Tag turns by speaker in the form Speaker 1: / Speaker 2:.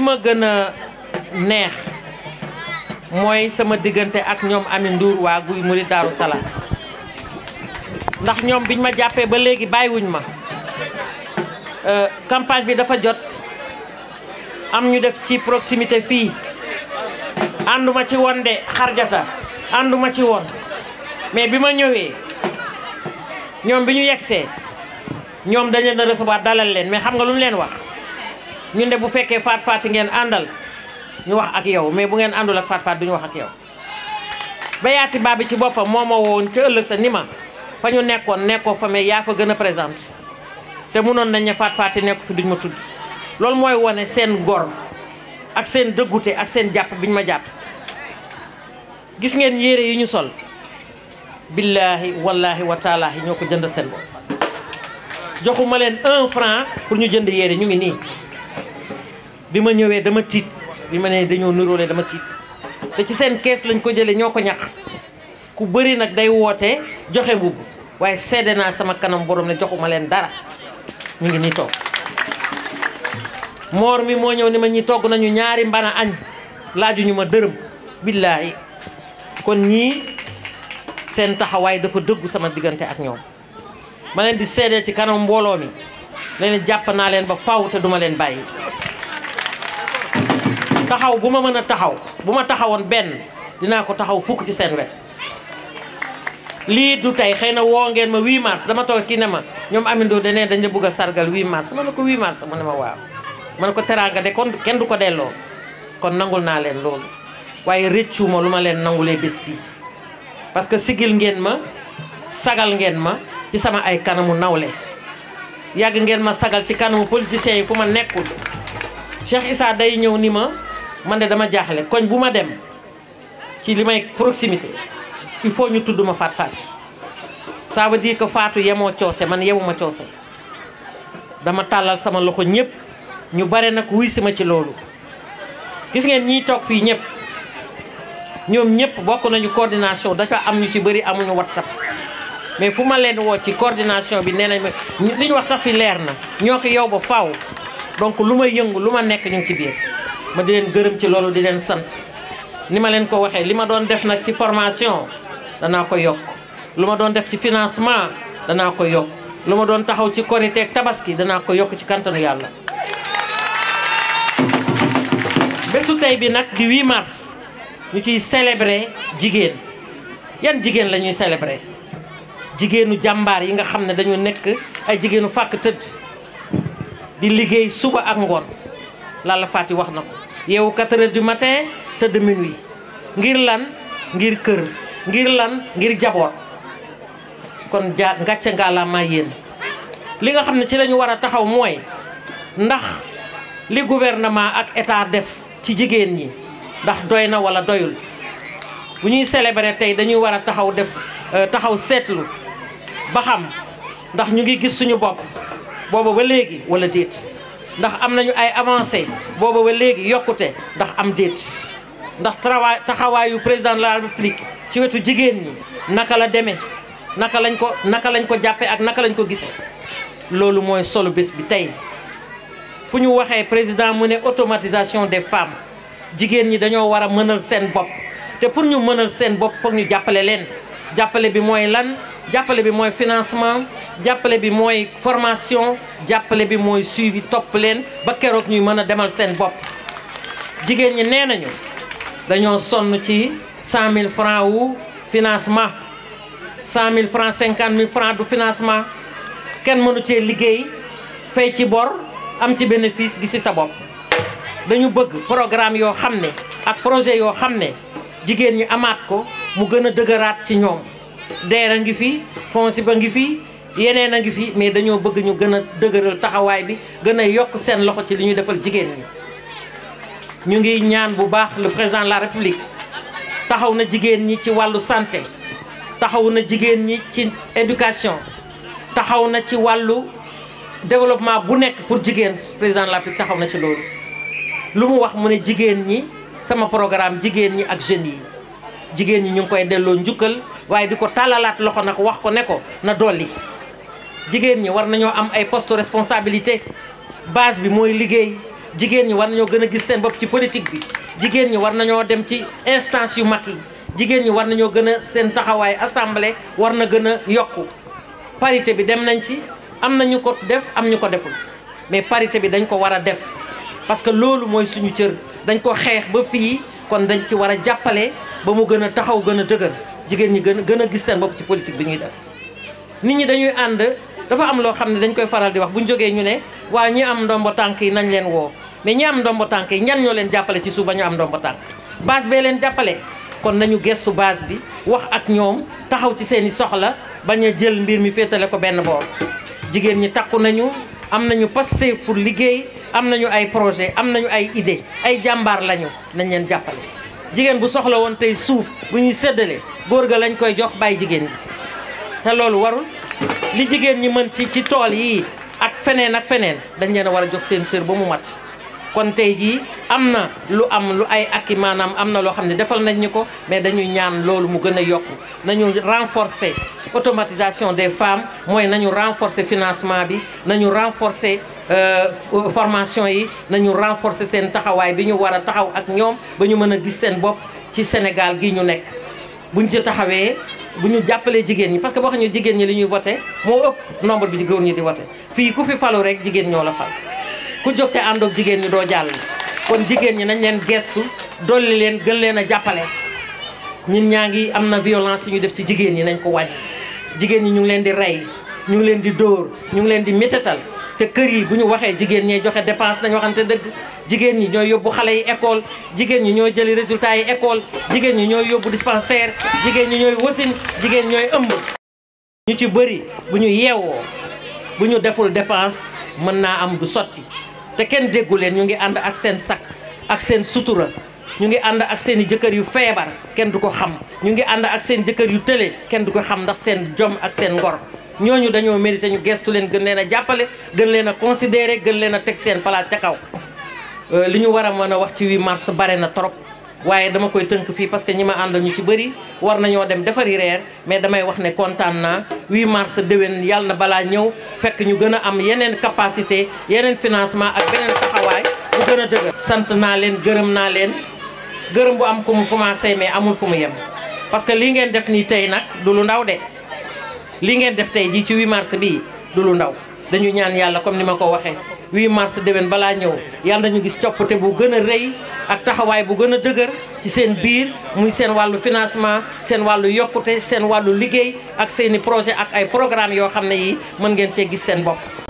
Speaker 1: li ma gën neex mooy sama diggante ak ñoom Ami Ndour waa guy muri Daaru ndax ñoom biñ ma jàppee ba léegi bàyyiwuñ ma euh, campagne bi dafa jot am ñu def ci proximité fi ànduma ci woon de xarjata ànduma ci woon mais bi ma ñëwee Nyom bi ñu yegsee ñoom dañ leen a recevoir dalal leen mais xam nga leen wax ñun de bu fekkee faat faati ngeen àndal ñu wax ak yow mais bu ngeen àndul ak faat faat du ñu wax ak yow bayaati baa bi ci boppam moo ma woon ca ëllëg sa ni ma fa ñu nekkoon nekkoo fa mais yaa fa gën a présente te mënoon nañ ne faat yi nekku fi duñ ma tudd loolu mooy wane seen góor ak seen dëggute ak seen jàpp biñ ma jàpp gis ngeen yére yi ñu sol billaahi wallaahi wa taalaahi ñoo ko jënd seen bopp joxuma leen un franc pour ñu jënd yére ñu ngi nii bi ma ñëwee dama tiit bi ma ne dañoo nuróole dama tiit te ci seen kees lañ ko jëlee ñoo ko ñax ku bari nag day woote joxe mbubb waaye seede naa sama kanam borom ne joxuma leen dara ñu ngi nii toog moor mi moo ñëw ni ma ñi togg nañu ñaari mbana añ ñu ma dërëm billaahi kon ñii seen taxawaay dafa dëggu sama diggante ak ñoom ma leen di seddee ci kanam mbooloo mi leen jàpp naa leen ba faw te duma leen bàyyi taxaw buma mana tahau, buma taxaw bu ma taxawoon benn dinaa ko taxaw fukk ci seen wet lii du tey xëy na ngeen ma 8 mars dama toog kii ma ñoom Amindou dañ ne la bëgg sargal 8 mars ma ne ko 8 mars mu ma waaw ma ko de kon kendo du ko kon nangul nalen lo, loolu richu rëccu ma lu ma leen nangulee bés parce que sigil ngeen ma sagal ngeen ma ci sama ay kanamu ya yàgg ngeen ma sagal ci kanamu politiciens fuma fu ma nekkul Cheikh Issa day ni ma man de dama jaaxle koñ bu ma dem ci li may proximité il faut ñu tudd ma faat faati ça que faatu yemoo coose man yemuma coose dama tàllal sama loxo ñëpp ñu bare nag wuy si ma ci loolu gis ngeen ñiy toog fii ñëpp ñoom ñëpp bokk nañu coordination dafa am ñu ci bëri amuñu whatsapp mais fu ma leen woo ci coordination bi nee nañ ma li ñu wax sax fi leer na ñoo ki yow ba faw donc lu may yëngu lu ma nekk ñu ngi ci biir ma di leen gërëm ci di leen sant ni ma leen ko waxee li doon def nag ci formation danaa ko yokk lu doon def ci financement danaa ko yokk lu ma doon taxaw ci ak tabaski danaa ko yokk ci kantanu yàlla bi di 8 mars ñu ciy célébrer jigéen yan jigéen la ñuy célébrer jigéenu jàmbaar yi nga xam ne dañu nekk ay jigenu fàkk tëdd di liggéey suba ak Lalla Fati wax na ko yeewu 4 heures du matin e, tëdd minuit ngir lan ngir kër ngir lan ngir jaboot kon ja ngàcce ngaalaamaa yéen li nga xam ci lañu war taxaw ndax li gouvernement ak état def ci jigéen ñi ndax doy da wala doyul bu célébrer tey dañuy war taxaw def euh, taxaw setlu ba xam ndax ñu ngi gis suñu ba wala ndax am nañu ay avancé booba ba léegi yokkute ndax am déet ndax travail taxawaayu président la république ci wetu jigéen ñi naka la demee naka lañ ko naka lañ ko jàppee ak naka lañ ko gisee loolu mooy solo bés bi tey fu ñu waxee président mu ne automatisation des femmes jigéen ñi dañoo war a mënal seen bopp te pour ñu mënal seen bopp foog ñu jàppale leen jàppale bi mooy lan jàppale bi mooy financement jàppale bi mooy formation jàppale bi mooy suivi topp leen ba keroog ñuy mën a demal seen bopp jigéen ñi nee nañu dañoo sonn ci cent mille francs wu financement cent mille francs cinquante mille francs du financement kenn mënu cee liggéey fay ci bor am ci bénéfice gi ci sa bopp dañu bëgg programme yoo xam ne ak projet yoo xam ne jigéen ñi amaat ko mu gën a dëgëraat ci ñoom deer a ngi fi fonsi ba ngi fi yeneen a ngi fi mais dañoo bëgg ñu gën a dëgëral taxawaay bi gën a yokk seen loxo ci li ñuy defal jigéen ñi. ñu ngi ñaan bu baax le président la république taxaw na jigéen ñi ci wàllu santé taxaw na jigéen ñi ci éducation taxaw na ci wàllu développement bu nekk pour jigéen président la république taxaw na ci loolu. lu mu wax mu ne jigéen ñi sama programme jigéen ñi ak jeunes yi jigéen ñi ñu ngi koy delloo njukkal. waaye di ko tàllalaat loxo nag wax ko ne ko na dolli jigéen ñi war nañoo am ay poste responsabilité base bi mooy liggéey jigéen ñi war nañoo gën a gis seen bopp ci politique bi jigéen ñi war nañoo dem ci instance yu mag yi jigéen ñi war nañoo gën a seen taxawaay assemblée war na gën a yokku parité bi dem nañ ci am nañu ko def am ñu ko deful mais parité bi dañ ko war a def parce que loolu mooy suñu cër dañ ko xeex ba fii kon dañ ci war a jàppale ba mu gën a taxaw gën a dëgër jigéen ñi gën a gën a gis seen bopp ci politique bi ñuy def nit ñi dañuy ànd dafa am loo xam ne dañ koy faral di wax bu ñu jógee ñu ne waa ñi am ndombo tànk yi nañ leen woo mais ñi am ndombo tànk yi ñan ñoo leen jàppale ci suuf ba ñu am ndombo tànk base bee leen jàppale kon nañu gestu base bi wax ak ñoom taxaw ci seen i soxla bañ a jël mbir mi féetale ko benn boor jigéen ñi takku nañu am nañu passé pour liggéey am nañu ay projet am nañu ay idée ay jàmbaar lañu nañ leen jàppale jigéen bu soxla woon tey suuf bu ñuy séddale góor ga lañ koy jox bay jigen lolou warul li jigen ñi mën ci ci tool ak fenen ak fenen, dañ leena wara jox mu mat kon tay ji am lu am lu ay ak manam amna mais dañuy ñaan mu renforcer automatisation des femmes moy nañu renforcer financement bi nañu renforcer euh, formation yi nañu renforcer sen taxaway bi ñu taxaw ak Sénégal bu ñu ci taxawee bu ñu jàppalee jigéen ñi parce que boo jigéen ñi li ñuy voté moo ëpp nombre bi di góor ñi di voté fii ku fi falu rek jigéen ñoo la fal ku jóg te àndoog jigéen ñi doo jàll kon jigéen ñi nañ leen gestu dolli leen gën leen a jàppale ñun ñaa ngi am na violence yu ñu def ci jigéen ñi nañ ko wàññi jigéen ñi ñu ngi leen di rey ñu ngi leen di dóor ñu ngi leen di métatal te kër yi bu ñu waxee jigéen ñee joxe dépense nañ waxante dëgg jigen ñi ñooy yóbbu xale yi école jigéen ñi ñooy nyonyo résultat yi école jigéen ñi ñooy yóbbu dispensaire jigéen ñi ñooy wasin jigéen ñooy ëmb ñu ci bëri bu ñu yeewoo bu ñu deful dépense mën naa am du sotti te kenn déggu leen ñu ngi ànd ak seen sac ak seen sutura ñu ngi ànd ak seen i yu feebar kenn du xam ñu ngi ànd ak seen jëkkër yu tële kenn du xam ndax seen jom ak seen ngor ñooñu dañoo mérité ñu gestu leen gën leen a gën gën seen ca kaw Euh, li ñu war a mën a wax ci 8 mars bare na trop waaye dama koy tënk fii parce que ñi ma àndal ñu ci bëri war nañoo dem defari reer mais damay wax ne kontaan naa 8 mars déwén yàlla balaa ñëw fekk ñu gën a am yeneen capacité yeneen financement ak beneen taxawaay bu gën a dëgër. sant naa leen gërëm naa leen gërëm bu am ku mu commencé mais amul fu mu yem parce que li ngeen def nii tey nag du lu ndaw de lii ngeen def tey jii ci 8 mars bii du lu ndaw dañu ñaan yàlla comme ni ma ko waxee. 8 mars déwén balaa ñëw yàlla nañu gis coppite bu gën a rëy ak taxawaay bu gën a dëgër ci seen biir muy seen wàllu financement seen wàllu yokkute seen wàllu liggéey ak seeni projet ak ay programme yi mën ngeen gis seen